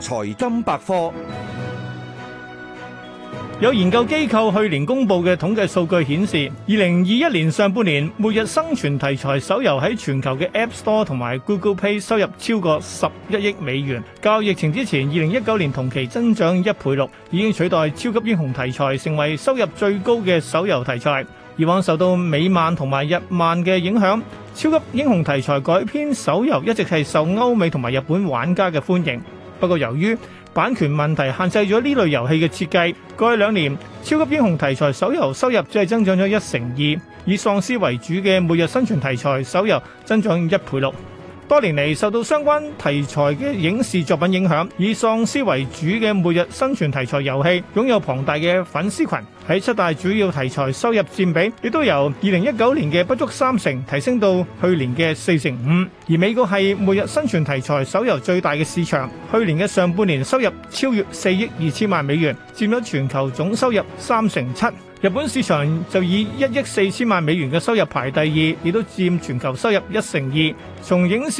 財經百科，有研究機構去年公布嘅統計數據顯示，二零二一年上半年，末日生存題材手遊喺全球嘅 App Store 同埋 Google Play 收入超過十一億美元，較疫情之前二零一九年同期增長一倍六，已經取代超級英雄題材成為收入最高嘅手遊題材。以往受到美漫同埋日漫嘅影響，超級英雄題材改編手遊一直係受歐美同埋日本玩家嘅歡迎。不過由於版權問題限制咗呢類遊戲嘅設計，過去兩年超級英雄題材手遊收入只係增長咗一成二，以喪屍為主嘅末日生存題材手遊增長一倍六。多年嚟受到相關題材嘅影視作品影響，以喪屍為主嘅末日生存題材遊戲擁有龐大嘅粉絲群，喺七大主要題材收入佔比亦都由二零一九年嘅不足三成提升到去年嘅四成五。而美國係末日生存題材手遊最大嘅市場，去年嘅上半年收入超越四億二千萬美元，佔咗全球總收入三成七。日本市場就以一億四千萬美元嘅收入排第二，亦都佔全球收入一成二。從影視。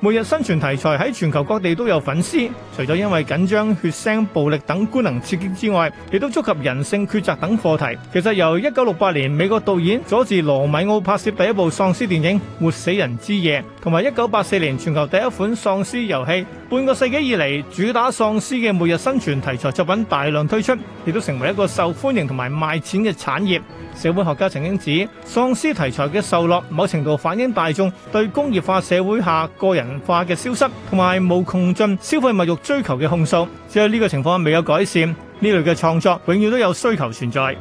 末日生存題材喺全球各地都有粉絲，除咗因為緊張、血腥、暴力等官能刺激之外，亦都觸及人性抉擇等課題。其實由一九六八年美國導演佐治羅米奧拍攝第一部喪屍電影《活死人之夜》，同埋一九八四年全球第一款喪屍遊戲，半個世紀以嚟主打喪屍嘅末日生存題材作品大量推出，亦都成為一個受歡迎同埋賣錢嘅產業。社會學家曾經指喪屍題材嘅受落某程度反映大眾對工業化社會下個人文化嘅消失，同埋無窮盡消費物欲追求嘅控訴，只係呢個情況未有改善，呢類嘅創作永遠都有需求存在。